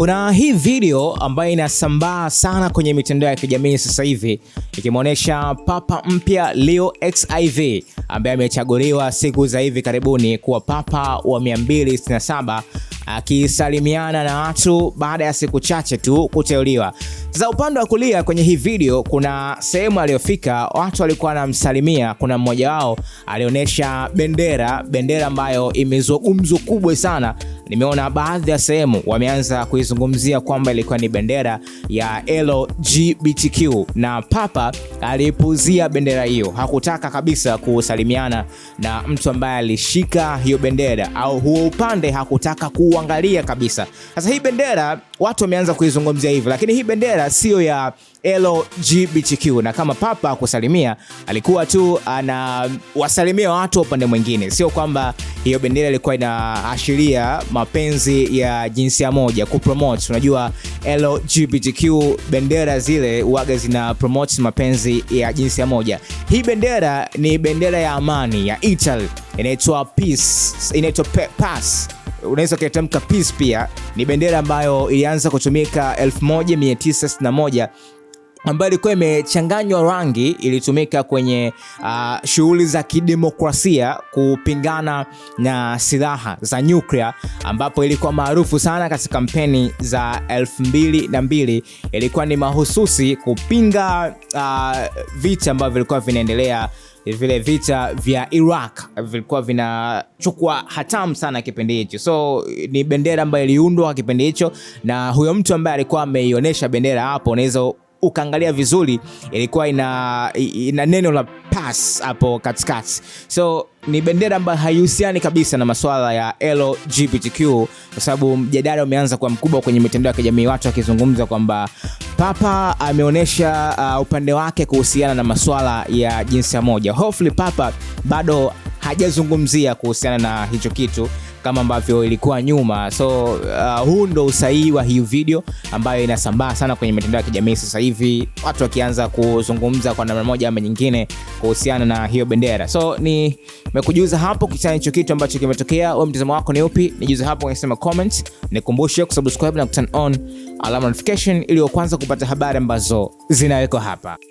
Kuna hii video ambayo inasambaa sana kwenye mitandao ya kijamii sasa hivi ikimwonyesha papa mpya Leo XIV ambaye amechaguliwa siku za hivi karibuni kuwa papa wa 267 akisalimiana na watu baada ya siku chache tu kuteuliwa. Sasa upande wa kulia kwenye hii video kuna sehemu aliyofika, watu walikuwa wanamsalimia. Kuna mmoja wao alionyesha bendera, bendera ambayo imezua gumzo kubwa sana nimeona baadhi ya sehemu wameanza kuizungumzia kwamba ilikuwa ni bendera ya LGBTQ na Papa alipuzia bendera hiyo, hakutaka kabisa kusalimiana na mtu ambaye alishika hiyo bendera au huo upande, hakutaka kuuangalia kabisa. Sasa hii bendera watu wameanza kuizungumzia hivyo, lakini hii bendera siyo ya LGBTQ na kama Papa kusalimia alikuwa tu anawasalimia watu wa upande mwingine, sio kwamba hiyo bendera ilikuwa inaashiria mapenzi ya jinsia moja ku promote. Unajua LGBTQ bendera zile waga zina promote mapenzi ya jinsia moja. Hii bendera ni bendera ya amani ya Italy, inaitwa peace, inaitwa pass unaweza ukaitamka peace. Pia ni bendera ambayo ilianza kutumika 1961 ambayo ilikuwa imechanganywa rangi ilitumika kwenye uh, shughuli za kidemokrasia kupingana na silaha za nyuklia, ambapo ilikuwa maarufu sana katika kampeni za elfu mbili na mbili. Ilikuwa ni mahususi kupinga uh, vita ambavyo vilikuwa vinaendelea vile vita vya Iraq vilikuwa vinachukua hatamu sana kipindi hicho, so ni bendera ambayo iliundwa kipindi hicho, na huyo mtu ambaye alikuwa ameionyesha bendera hapo unaweza ukaangalia vizuri ilikuwa ina, ina neno la pass hapo katikati, so ni bendera ambayo haihusiani kabisa na masuala ya LGBTQ, kwa sababu mjadala umeanza kuwa mkubwa kwenye mitandao ya kijamii, watu wakizungumza kwamba Papa ameonyesha uh, upande wake kuhusiana na masuala ya jinsia moja. hofli Papa bado hajazungumzia kuhusiana na hicho kitu kama ambavyo ilikuwa nyuma. So uh, huu ndo usahihi wa hii video ambayo inasambaa sana kwenye mitandao ya kijamii sasa hivi, watu wakianza kuzungumza kwa namna moja ama nyingine kuhusiana na hiyo bendera. So nimekujuza hapo kichana hicho kitu ambacho kimetokea. Wewe mtazamo wako ni upi? Nijuze hapo kwenye sema comment, nikumbushe kusubscribe na kuturn on alama notification ili kwanza kupata habari ambazo zinawekwa hapa.